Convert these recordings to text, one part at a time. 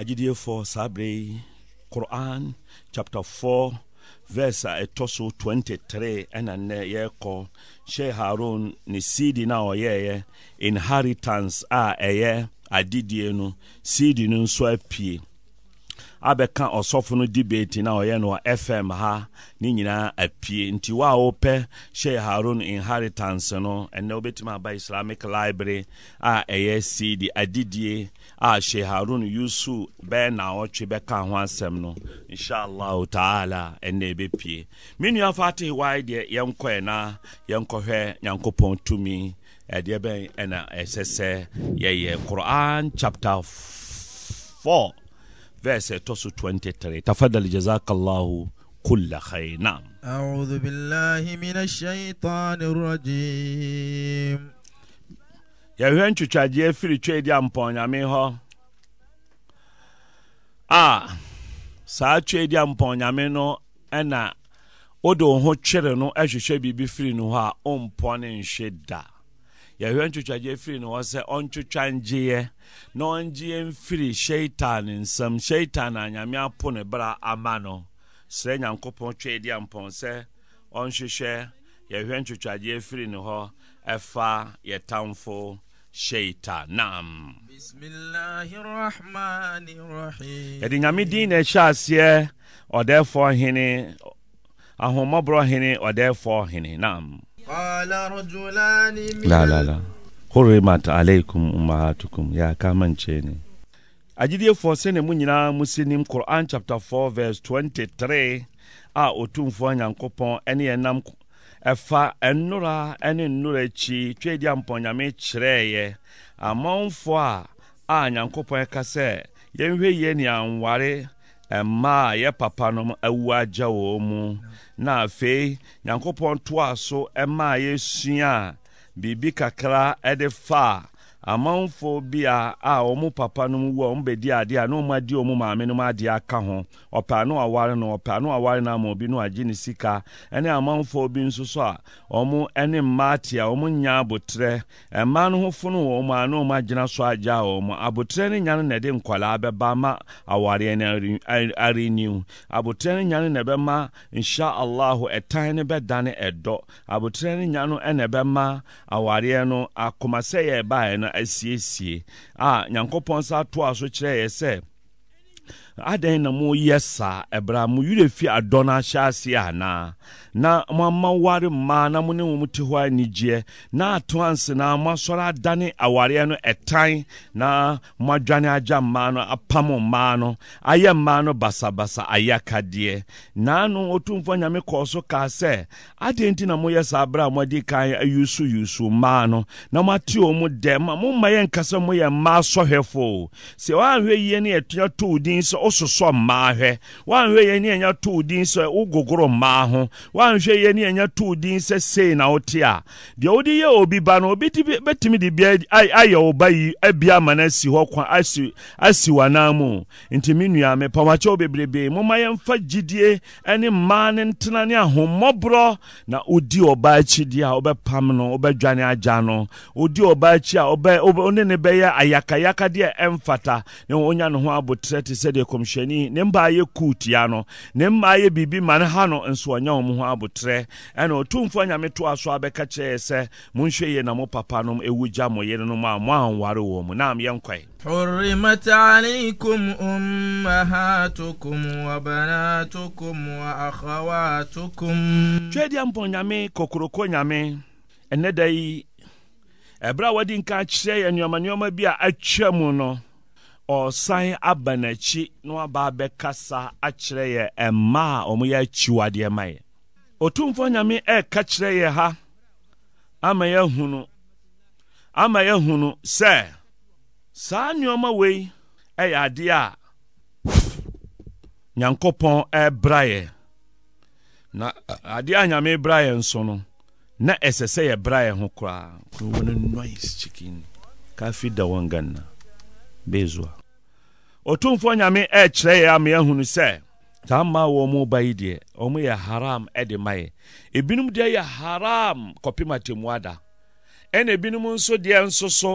agyidiefo saa bere yi quran chapter four, verse a ɛtɔ so 23 ɛna nnɛ yɛrekɔ hyɛ ne seedi na a inheritance a ɛyɛ eh, adidie no seedi no nso apue abɛka ɔsɔfo no debate na ɔyɛ no fm ha ne nyinaa apue nti wo a wopɛ hyɛ inheritance no ɛnɛ wobɛtumi aba islamic library a ɛyɛ eh, seedi adidie a she harun yusu bɛɛ naawɔtwe bɛka ho asɛm no inshallahu taala ɛnna ɛbɛpie me nua fatih wae deɛ yɛnkɔɛ na yɛnkɔhwɛ nyankopɔn tumi ɛdeɛ bɛn ɛna ɛsɛ sɛ yɛyɛ quran chapter Four verse ɛtɔ so 23 tafadal jazakallahu kulla khair naam أعوذ بالله من الشيطان الرجيم yɛhwɛ ntwitwagyeɛ firi twadi ampɔnyame hɔ a saa twadi ampɔnyame no ɛna wode wo ho kyere no ɛhwehwɛ biribi firi no hɔ a ɔmpɔne nhwe da yɛhwɛ ntwitwagyeɛ firi no hɔ sɛ ɔntwitwa ngyeeɛ na ɔngyeeɛ mfiri shaitan nsɛm shaitan a nyame apo ne bra ama no srɛ nyankopɔn twadi ampɔn sɛ ɔnhwehwɛ yɛhwɛ ntwitwagyeɛ firi no hɔ ɛfa yɛtamfo sheitanam yɛde nyame din na ɛhyɛ aseɛ ɔdɛɛfoɔ hene ahommɔborɔ hene ɔdɛɛfoɔ hene nam lalala hurimat alaikum ummahatukum yɛakama nkyɛni agyidiefoɔ sɛne mu nyinaa mu si nim quran chapter 4 verse 23 a ɔtumfoɔ nyankopɔn ɛne yɛnam ɛfa nnora ne nnora akyi twɛdi a mpɔnyame kyerɛeɛ amanfoɔ a a nyankopɔn ɛka sɛ yɛnhwɛ yie ne anware ɛmma a yɛ papanom awu agya wɔ mu na afei nyankopɔn toa so maa a yɛsua a biribi kakra ɛde faa amanfoɔ bi a a ɔmo papa no mu wu a ɔmo adeɛ a na ɔmo adi mu adeɛ aka ho ɔpɛ ano aware no aware no ama obi no a ɔmo ɛne mmaa te nya mmaa no ho a na ɔmo agyina so agya wɔn mu nya na ɛde nkwalaa bɛba awareɛ no no nya na ɛbɛma allah ɛtan no bɛdane ɛdɔ no nya no asiesie a nyankopɔn sa atoa so kyerɛeɛ sɛ adɛn na moyɛ saa ɛberɛ a mo werɛ fi adɔ no ahyɛ ase anaa na moama ware mmaa na mo ne wɔ mu te hɔ anigyeɛ na ato ansenaa moasɔre adane awareɛ no ɛtan na moadwane agya mmaa no apam mmaa no ayɛ mmaa no basabasa ayɛ akadeɛ naano ɔtumfoɔ nyame kɔɔ so kaa sɛ adɛn nti na moyɛ saa berɛ a moadi kan ayusoyuso mmaa no na moate ɔ mu dɛ ma momma yɛnka sɛ moyɛ mmaa sɔhwɛfo sɛ woanhwɛ yie ne yɛtoa too din sɛ wososɔ mmaa hwɛ woanhwɛ yɛ ne ɛnya too din sɛ wogogoro mmaa ho woanhwɛ yɛ ne ɛnya too din sɛ sei na wote a deɛ wode yɛ obi ba no obi bɛtumi de bia wo ba yi abia ma no asi hɔ kwa asi mu nti me nua yɛmfa gyidie ne mmaa ntena ne ahommɔborɔ na odi ɔbaa akyideɛ a wobɛpam no wobɛdwane agya no akyi a wone ne bɛyɛ ayakayaka deɛ ɛmfata ne ho abotrɛ te sɛdeɛ kɔmhyɛni ne mba ayɛ kuu tia no ne mba ayɛ biribi ma ne ha no nso ɔnyɛ wɔn ho abotrɛ ɛna ɔtumfoɔ nyame to aso abɛka kyerɛ sɛ monhwɛ yie na mo papanom ɛwu gya mo yerenom a mo anware wɔ mu nam yɛnkɔe حرمت عليكم أمهاتكم وبناتكم وأخواتكم twɛdeɛ mpɔ nyame kokoroko nyame ɛnɛ da yi ɛberɛ a wɔde nka kyerɛ yɛ nneɔma nneɔma ɔsan aba n'akyi na waba abɛkasa akyerɛ yɛ mmaa a wɔyɛ akyiwadeɛ ma yɛ ɔtumfoɔ nyame ɛreka kyerɛ yɛ ha ama yɛahunu ama yɛahunu sɛ saa nneɔma wei ɛyɛ adeɛ a nyankopɔn ɛrebra yɛ na adeɛ a nyame bra yɛ nso no na ɛsɛ sɛ yɛbra yɛ ho koraa kuro wɔ no noise chicken kafi da wɔn ganna bezuwa ɔtumfoɔ nyame ɛkyerɛ yɛ ama yɛahunu sɛ saa mmaa wɔ mu ba yi deɛ ɔmo yɛ haram ɛde ma yɛ ebinom deɛ yɛ haram kɔpem atemmu ada ɛna ebinom nso deɛ nso so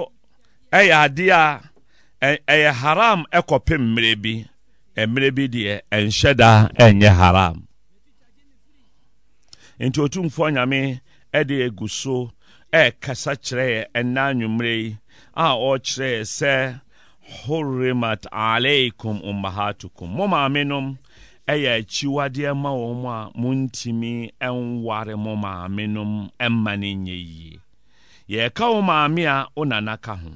ɛyɛ adeɛ a ɛyɛ haram ɛkɔpem mmerɛ bi mmerɛ bi deɛ ɛnhyɛ daa ɛnyɛ haram nti otumfoɔ nyame ɛde egu so ɛɛkasa kyerɛ yɛ ɛna anwummerɛ yi a ɔrekyerɛ yɛ sɛ hurimat aleikum ummahatukum mo maamenom ɛyɛ akyiwadeɛ ma wɔn a montumi nware mo maamenom mma no nyɛ yie yɛreka wo maame a wo nana ka ho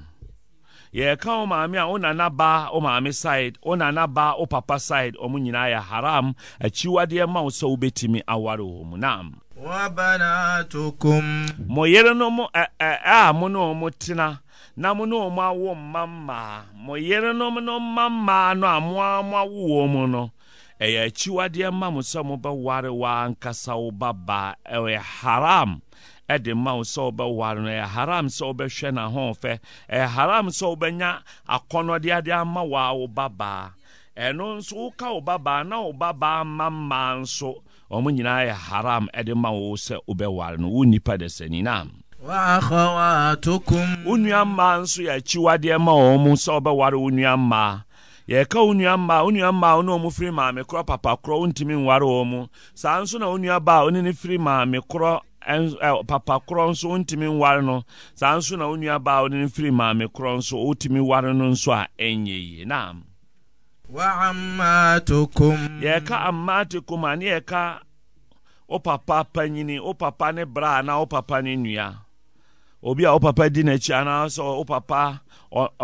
yɛreka wo maame a wo nana ba wo maame side wo nana ba wo papa side ɔmo nyinaa yɛ haram akyiwadeɛ ma wo sɛ wobɛtumi aware wɔ mu naam mo yerenom a mo ne ɔmo tena na mo ne ɔmo awo mma mmaa mo yerenom no mma mmaa no a mo a mo awo wɔ mu no ɛyɛ akyiwadeɛ ma mo sɛ mobɛware w'ankasa wo babaa ɛyɛ haram ɛde ma wo sɛ wobɛware no ɛyɛ haram sɛ wobɛhwɛ n'ahoɔfɛ ɛyɛ haram sɛ wobɛnya akɔnnɔdeade ama waa wo babaa ɛno nso woka wo babaa na wo babaa ma mmaa nso ɔmo nyinaa yɛ haram ɛde ma wo sɛ wobɛware no wo nnipa da sani naam wo nuamma nso yɛ akyiwadeɛ ma wɔn mu sɛ wobɛware wo nuammaa yɛka wo nuamma wo nuamma wo ne ɔmu firi maame korɔ papa korɔ wontumi nware mu saa nso na wo a wo ne ne firi maame korɔ papa korɔ nso wontumi nware no saa nso na wo nuaba a wo ne ne firi maame korɔ nso wotumi ware no nso a ɛnyɛ na wo papa ne obi a wo papa di n'akyi anaasɛ wo papa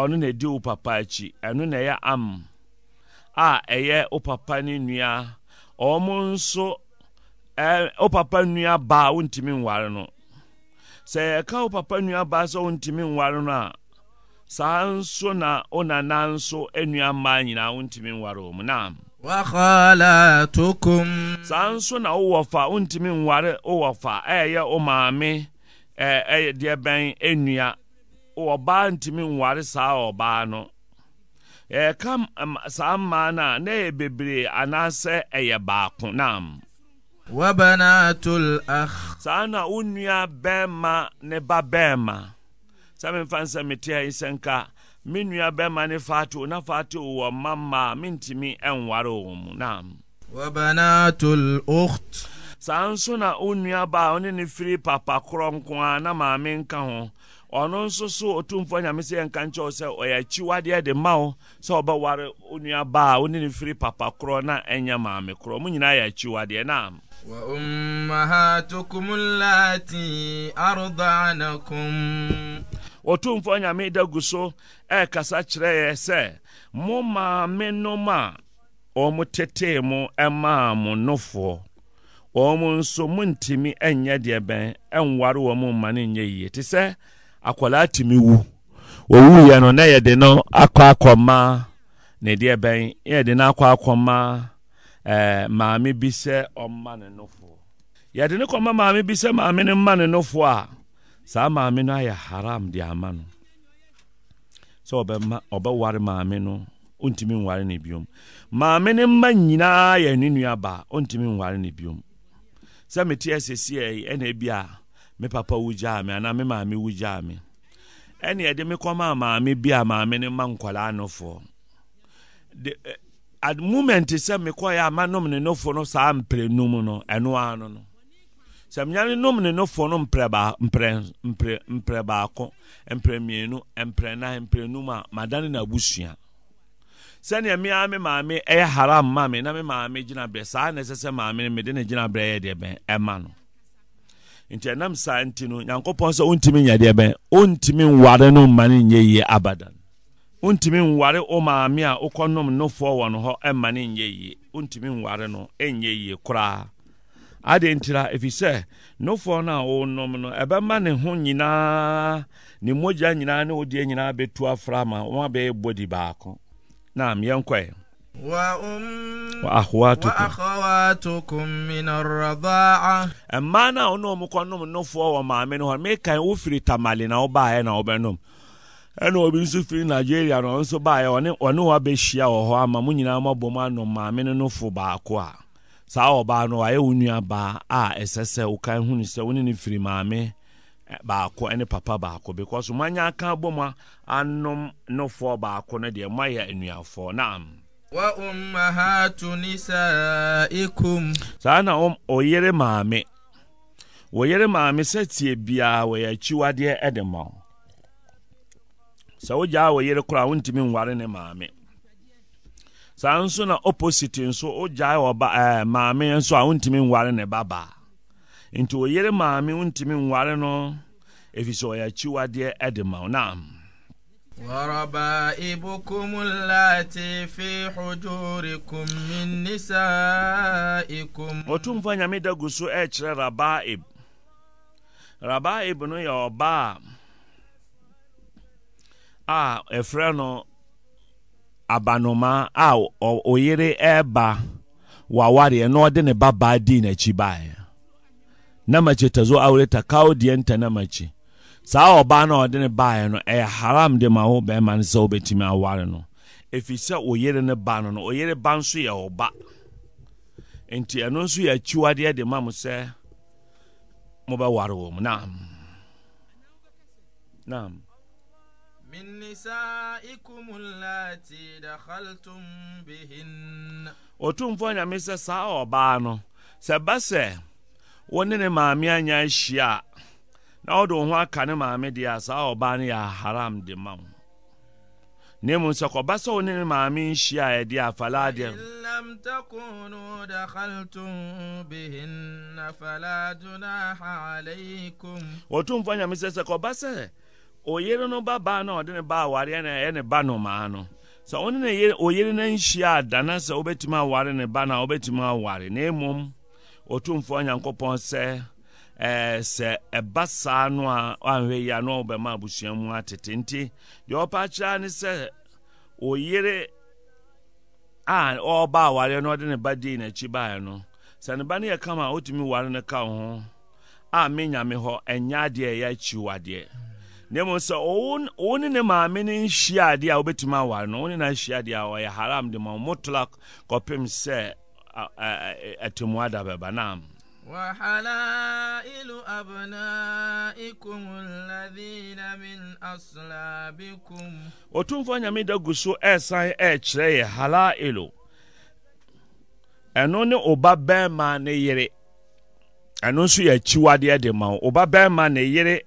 ɔno na edi wo papa akyi ɛno na ɛyɛ am a ɛyɛ wo papa ne nnua ɔmo nso wo papa nnua baa wontumi nware no sɛ yɛka wo papa nnua baa sɛ wontumi nware no a saa nso na wo nana nso nnua mmaa nyinaa wontumi nware wɔ mu naam wakhalatukum saa nso na wowɔ fa wontumi nware wowɔ fa ɛyɛ wo maame ɛyɛ deɛ bɛn nnua ɔbaa ntumi nware saa ɔbaa no ɛka saa mmaa no a na ɛyɛ bebree anaasɛ ɛyɛ baako nam wabanatul akh saa na wo nua bɛrima ne ba bɛrima sɛ memfa nsɛ mete ai sɛ nka me nua bɛrima ne faateo na faateo wɔ mma mmaa mentumi ɛnware wɔ mu nam wabanatul ukht saa nso na wo a ɔne ne firi papa korɔ nko na maame nka ho ɔno nso so ɔtumfoɔ nyame sɛ yɛnka ọsọ sɛ ɔyɛ ma wo sɛ ɔbɛware wo a wo ne papa korɔ na ɛnyɛ maame korɔ mo nyinaa yɛ akyiwadeɛ na وأمهاتكم اللاتي أرضعنكم kyerɛ wɔn nso montumi nyɛ deɛ bɛn nware wɔn mma no nyɛ yie te sɛ akwadaa tumi wu owu yɛ no na yɛde no akɔ akɔma ne deɛ bɛn yɛde no akɔ akɔma ɛɛ eh, maame bi sɛ ɔma ne nofoɔ yɛde no kɔma maame bi sɛ maame no ma ne nofoɔ a saa maame no ayɛ haram de ama no sɛ ɔbɛma ɔbɛware maame no ɔntumi nware ne biom maame no mma nyinaa yɛ ne nuaba ɔntumi nware ne biom sɛ mete asɛsi ɛyi ɛna ebi me papa wugyaa me anaa me maame wugyaa me ɛna yɛde me kɔmaa maame bi a maame ne ma nkwadaa nofoɔ de ɛ at moment sɛ mekɔyɛ a ma nom ne nofo no saa mpere num no ɛno ano no sɛ menyane nom ne nofoɔ no mpere baa mpere mpere mpere baako mpere mmienu mpere nan mpere num a madane na abusua. sɛnea me ara me maame ɛyɛ haram ma me na me maame gyinaberɛ saa na ɛsɛ sɛ maame no mede ne gyinaberɛ yɛ deɛ bɛn ɛma no nti ɛnam saa nti no nyankopɔn sɛ wontumi nya deɛ bɛn wontumi nware no mma no nyɛ yie abadan wontumi nware wo maame a wokɔnom nofoɔ wɔ no hɔ ɛma no nyɛ yie wontumi nware no ɛnyɛ yie koraa ade ntira ɛfiri sɛ nofoɔ no a wonom no ɛbɛma ne ho nyinaa ne mogya nyinaa ne wodeɛ nyinaa bɛtu afra ma wɔn abɛyɛ bodi baako Naam, yɛnkɔe. wa um wa akhwatukum wa akhwatukum min ar-radaa'a ɛmaa no a wo ne ɔmo kɔnom nofoɔ na wobaeɛ ɛna obi nso firi nigeria no ɔno nso baeɛ ɔne ɔne wo abɛhyia wɔ hɔ ama mo nyinaa mɔbɔ mu anom maame no nofo baako a saa ɔbaa no wayɛ wo nuabaa a ɛsɛ sɛ wokan hunu sɛ wo no firi maame baako ne papa baako because moanya aka abɔ a anom nofoɔ baako no deɛ moayɛ anuafoɔ naam wa ummahatu nisaikum saa na ɔyere maame wɔyere maame sɛ tie biara wɔyɛ akyiwadeɛ de ma wo sɛ wogyaa wɔyere koraa wontumi nware ne maame saa nso na opposite nso wogyae wɔ ba ɛɛ eh, maame nso a wontumi nware ne babaa nti oyere maame wontumi nware no ɛfiri ɔyɛ akyiwadeɛ ɛde ma wo naam وربائبكم اللاتي في حجوركم من نسائكم a efere no a oyere ɛɛba wawareɛ na ɔde ne babaa dii na mace ta zo aure ta kawo diyanta na mace saa ɔbaa no a ɔde ne baeɛ no ɛyɛ haram de ma wo bɛrima no sɛ wobɛtumi aware no ɛfiri sɛ o ne ba no no o yere ba nso yɛ ɔba nti ɛno nso yɛ akyiwadeɛ de ma mo sɛ mobɛware wɔ mu nam nam من نسائكم اللاتي دخلتم بهن وتم فانا مسا ساو بانو سبسه wo ne ne maame anya ahyia na wode wo ho aka ne maame deɛ a saa ɔbaa no yɛ haram de ma wo na mmom sɛ kɔba sɛ wo ne ne maame nhyia a ɛdeɛ afala deɛ ɔtomfoɔ nyame sɛ sɛ kɔba sɛ oyere no ba baa na ɔde ne ba awareɛ na ɛyɛ ne ba nomaa no sɛ wo ne oyere no nhyia a da na sɛ wobɛtumi aware ne ba no a wobɛtumi aware na mmom ɔtumfoɔ nyankopɔn sɛ eh, sɛ ɛba saa no a ɔanhwɛ yia a ɔbɛma abusua mu atete nti deɛ ɔpɛ akyerɛ ne sɛ ɔyere a ɔreba awareɛ no ɔde ne ba dii n'akyi baeɛ no sɛ ne ba no yɛ kama a ɔtumi ware no ka wo ho a menyame hɔ ɛnyɛ adeɛ ɛyɛ akyiw adeɛ na mmom sɛ wo ne ne maame no nhyia adeɛ a wobɛtumi aware no wo ne no ahyia adeɛ a ɔyɛ haram de ma motolak kɔpem sɛ atemmua da bɛba naam وحلائل أبنائكم الذين من أصلابكم ɔtumfoɔ nyame da gu so ɛsan ɛkyerɛ yɛ halailo ɛno ne ɔba bɛrima ne yere ɛno nso yɛ akyiwadeɛ de ma wo ɔba bɛrima ne yere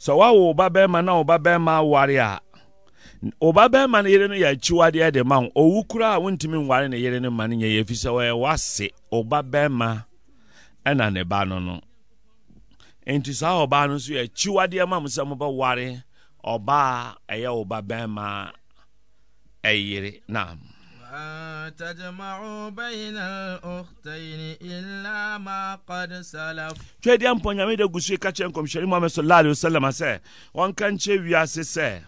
sɛ woawo ɔba ɔbabarima no yere no yɛ akyiwadeɛ de ma wo ɔwu koraa a wontumi nware ne yere no ma no nyɛ yɛfiri sɛ wɔyɛ wase ɔbabarima ɛna ne ba no no enti saa ɔbaa no nso yɛ akyiwadeɛ ma mo sɛ ọba ɔbaa ɛyɛ wo babarima ɛyere naam twɛdeɛ mpɔ nyame da gu so ka kyerɛ nkɔmhyɛne muhamad sallallahu alaihi wasallam sɛ wɔnka nkyɛ wiase sɛ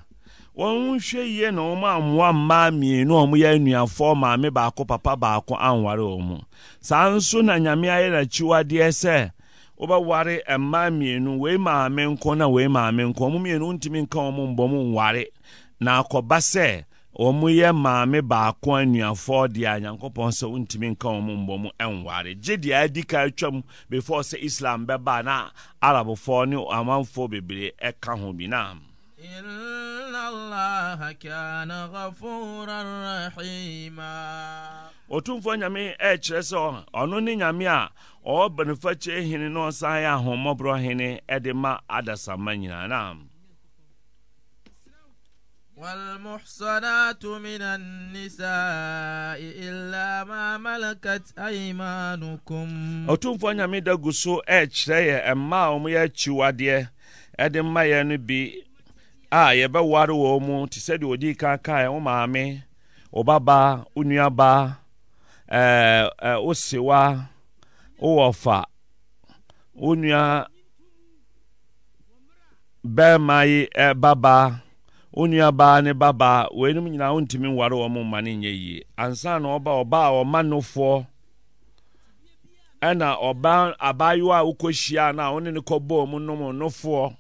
wọn wɔnhwɛ yie na wɔn ammoa mmaa mmienu a wɔyɛ anuafoɔ maame baako papa baako anware wɔn saa nso na nyame ayɛ n'akyiwadeɛ sɛ wobɛware mmaa mmienu wei maame nko na wei maame nko wɔn mmienu ntumi nka wɔn mbɔ mu nware na akɔba sɛ wɔn maame baako anuafoɔ deɛ a nyankopɔn sɛ wɔntumi nka wɔn mbɔ mu nware gye deɛ adi ka atwam before sɛ islam bɛba na arabfoɔ ne amanfoɔ bebree ɛka ho bi na. الله كان غفورا nyame ɛkyerɛ sɛ ɔno ne nyame a ɔwɔ banifakyɛ hene na ɔsan yɛ ahommɔborɔ hene ɛde ma nyinaa na والمحصنات من النساء إلا ما ملكت أيمانكم a yɛbɛware wɔ mu te sɛ deɛ ɔdi ka kaeɛ wo maame wo babaa wo nuabaa wo sewa baa wɔfa wo nua bɛrima yi wo ne nyinaa wontumi nware wɔ yie ansa na ɔba ɔba a ɔma nofoɔ ɛna ɔba abayewa a wokɔhyia na a wo ne no kɔbɔɔ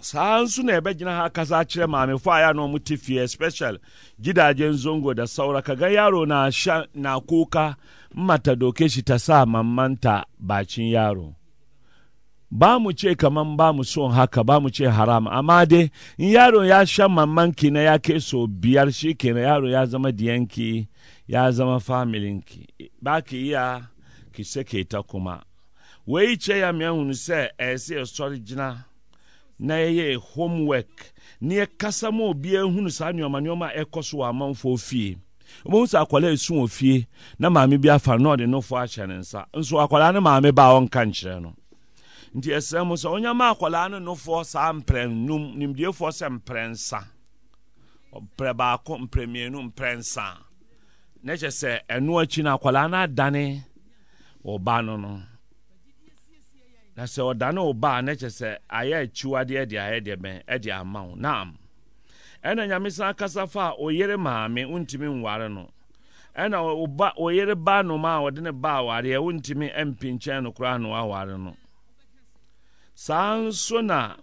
saa nso na ɛbɛgyina ha akasa maame maamefo a yɛa na ɔmote fie special nzongo da saura kaga yaro na ahyɛ na akoka mmata doke ta sa mamanta bacin yaro ba mu ce kaman ba mu son haka ba mu ce haram amma dai in yaro ya sha mamanki na ya ke so biyar shi na yaro ya zama diyanki ya zama familinki ba ki iya ki ke ta kuma wai ce ya miyahunu sɛ ɛsɛ sɔre gyina na ɛyɛ homework na yɛkasa ma obi hunu saa nneɛma nneɛma a ɛkɔ so wɔ amanfoɔ fie ɔbɛhu sɛ akwadaa esu wɔ fie na maame bi afa na ɔde nofo ahyɛ ne nsa nso akwadaa ne maame ba a ɔnka nkyerɛ no nti ɛsɛ mu sɛ onyama akwadaa ne nofoɔ saa mprɛnum nimdiefoɔ sɛ mprɛnsa mprɛ baako mprɛ mmienu mprɛnsa na kyɛ sɛ ɛno akyi na akwadaa no adane ɔba no no na sɛ ɔdane wo baa na kyɛ sɛ ayɛ akyiwadeɛ de ayɛ deɛ bɛn ɛde ama wo naam ɛna nyame san kasa fa a ɔyere maame wontumi nware no ɛna ɔba ɔyere ba noma a ɔde ne baa wareɛ wontumi mpi nkyɛn no koraa na waware no saa nso na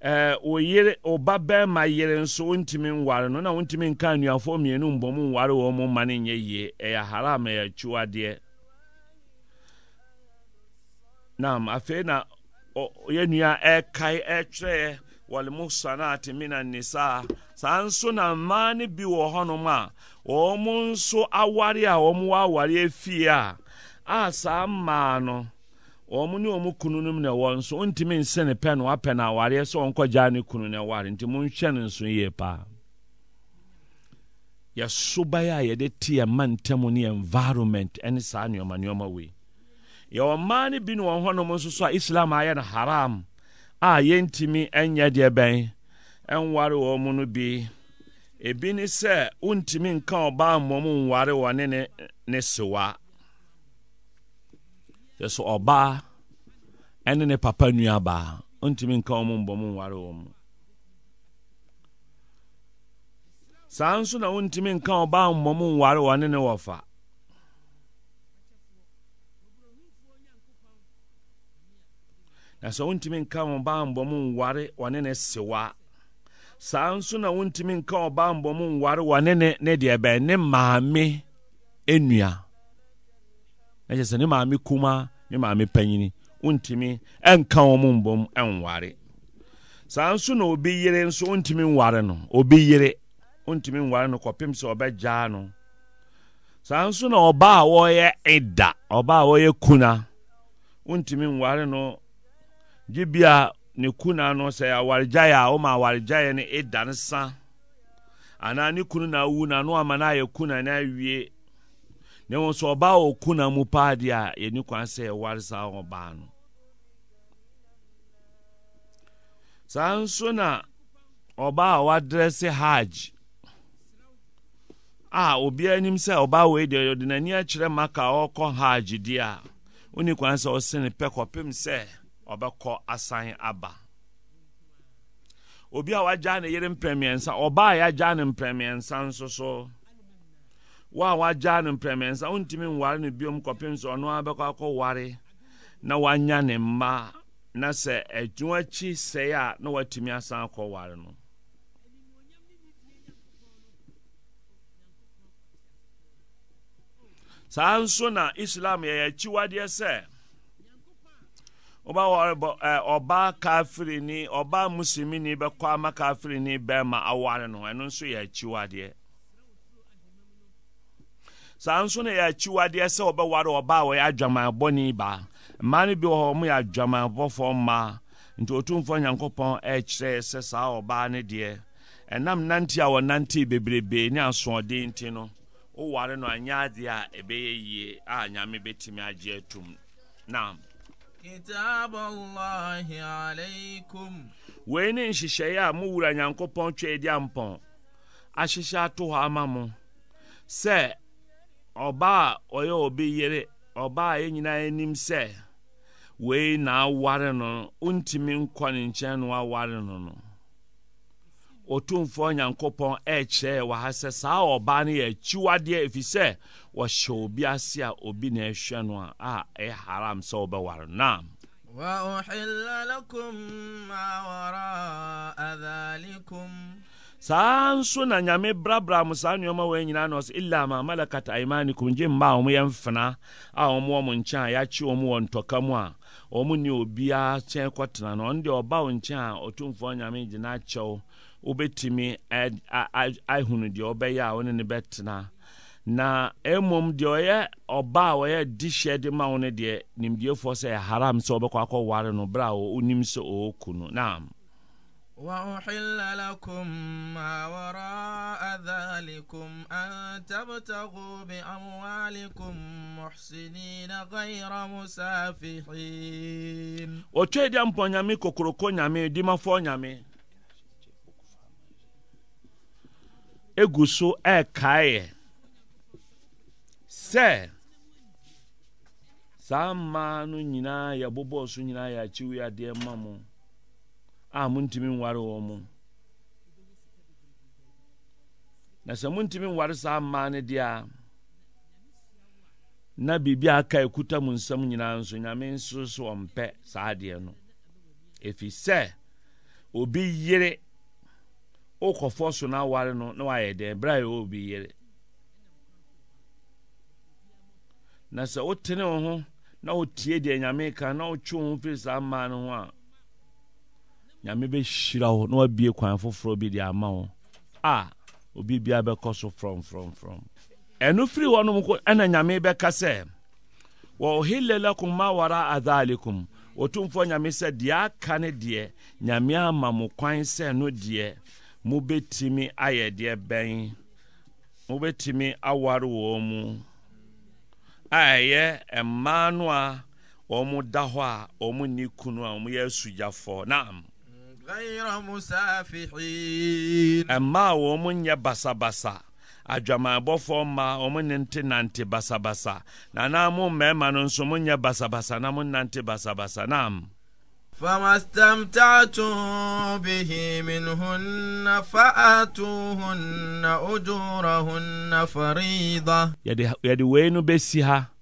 ɛɛ ɔyere ɔba bɛrima yere nso wontumi nware no na wontumi nka nnuafoɔ mmienu mbɔmu nware wɔn mo ma no nyɛ yie ɛyɛ haram ɛyɛ akyiwadeɛ nam afei na yɛ nua ɛkae ɛtwerɛ wɔle mu sanate mina nisa saa nso na mmaa no bi wɔ hɔnom a wɔn nso aware a wɔn aware afie a a saa mmaa no wɔn ne wɔn kunu no na wɔn nso ntumi nse ne pɛ no apɛ na awareɛ sɛ wɔn gyaa ne kunu na ware nti monhwɛ no nso yie paa yɛso a yɛde te yɛn mma ntɛm ne environment ne saa nneɛma nneɛma wei yɛwɔ mmaa no bi ne wɔn hɔnom islam ayɛ no haram a yɛntumi ɛnyɛ deɛ bɛn ɛnware bi ebi ne sɛ wontumi nka ɔbaa mmom nware wɔ ne ne ne sewa so ɔbaa ne papa nuabaa wontumi nka mbom nware mu saa nso na wontumi nka ɔbaa mmom nware wɔ ne ne wɔfa na sɛ wontumi nka ɔbaambɔ mu nware ɔne ne sewa saa nso na wontumi nka ɔbaambɔ mu nware ɔne ne ne deɛ bɛn ne maame enua na kyɛ sɛ ne maame kuma ne maame panyini wontumi ɛnka wɔn mu mbom ɛnware saa nso na obi yere nso wontumi nware no obi yere wontumi nware no kɔpem sɛ ɔbɛgyaa no saa nso na ɔbaa a wɔyɛ ɛda ɔbaa a wɔyɛ kuna wontumi nware no gye bia ne kuna no sɛ awaregyaeɛ a woma awaregyaeɛ no ɛdane sa anaa ne kunu na awu na no ama no ayɛ kuna no awie na mmom sɛ ɔbaa wɔ kuna mu paa deɛ a yɛni kwan sɛ ɛware saa ɔbaa no saa nso na ɔbaa a wadrɛ se hajj a obiara nim sɛ ɔbaa wei deɛ ɔde n'ani akyerɛ maka a ɔrekɔ hajj deɛ a woni kwan sɛ ɔsene pɛ kɔpem sɛ ɔbɛkɔ asan aba obi a wagyaa ne yere mprɛmiɛnsa ɔbaa a yagyaa ne mprɛmiɛnsa nso so wa a wagyaa ne mprɛmiɛnsa wontumi nware no biom kɔpem sɛ ɔno ara bɛkɔ akɔware na wanya ne mma na sɛ adwuma akyi sɛe a na watumi asan akɔware no saa nso na islam yɛyɛ akyiwadeɛ sɛ ọba eh, kafirini ɔbaa musulmini bɛkɔ ama kafirini bɛrima aware no ɛno nso yɛ akyiwadeɛ saa nso na yɛ akyiwadeɛ sɛ wɔbɛware ɔbaa a wɔyɛ adwamanbɔne baa mmaa no bi wɔ hɔ ɔmo yɛ adwamanbɔfoɔ mmaa nti otu otumfoɔ nyankopɔn ɛkyerɛ eh, sɛ saa ɔbaa no deɛ ɛnam nante a wɔnante bebrebee ne asoɔden nti no woware no anyɛ adeɛ a ɛbɛyɛ yie a nyame bɛtumi agye atum naam كتاب الله عليكم wei ne nhyehyɛeɛ a mowura nyankopɔn twɛadi ampɔn ahyehyɛ ato hɔ ama mo sɛ ɔba a ɔyɛ ɔbi yere ɔba a yɛn nyinaa anim sɛ wei na nnụnụ ɔtumfoɔ nyankopɔn ɛrekyerɛ yɛ wɔ ha sɛ saa ɔbaa no yɛ akyiwadeɛ ɛfiri sɛ wɔhyɛ obi ase a obi na ɛhwɛ no a ɛyɛ haram sɛ wobɛware nam saa nso na nyame brabra mo saa nneɔma wɔ nyinaa na ɔsɛ illa ma malakat aimanikum gye mma a ɔmo yɛ mfena a ɔmo wɔ mo nkyɛn a yɛakye ɔmo wɔ ntɔka mu a ɔmo ne obiaa kyɛn kɔtena no ɔno deɛ ɔba wo nkyɛn a ɔtomfoɔ nyame gyina akyɛw wobɛtumi ahunu deɛ ɔbɛyɛ a ya ne no bɛtena na mmom deɛ ɔyɛ ɔba a ɔyɛ di hyɛ de ma wo no deɛ nimdiefoɔ sɛ ɛyɛ haram sɛ ɔbɛkɔ akɔware no berɛ a wonim sɛ ɔɔku no naam وأحل لكم ما وراء ذلكم أن تبتغوا بأموالكم محسنين غير مسافحين. egu so ɛɛkaeɛ sɛ saa mmaa no nyinaa yɛbobɔɔ so nyinaa yɛakyiwe adeɛ ma mo a montumi nware wɔ mo na sɛ montumi nware saa mmaa no deɛ a na biribi aka ekuta mu nsɛm nyinaa nso nyame nso so ɔmpɛ saa adeɛ no ɛfiri sɛ obi yere ɔkɔfɔ so na aware no na wayɛ dɛn berɛ a yɛwɔ obi yere na sɛ wotene wo ho na wotie deɛ nyame ka na wotwe wo ho firi saa mmaa no ho a nyame bɛhyira wo na wabie kwan foforɔ bi de ama wo a obi biara bɛkɔ so frɔmfrɔmfrɔm ɛno firi hɔ nom ɛna nyame bɛka sɛ wɔɔhele lakum ma wara adhalikum ɔtumfoɔ nyame sɛ deɛ aka ne deɛ nyame ama mo kwan sɛ no deɛ mobɛtumi ayɛ deɛ bɛn mobɛtumi aware wɔn mu a ɛyɛ mmaa no a wɔn da hɔ a wɔn ni kunu a wɔn yɛ asugyafoɔ naam. غير مسافحين أما ومن يبسا بسا adwamaabɔfoɔ mmaa ɔmo nante nante basabasa na naa mo mmarima no nso mo nyɛ basabasa na mo nante basabasa naam. فما استمتعتم به منهن فآتوهن أجورهن فريضة يدي, يدي وينو بسيها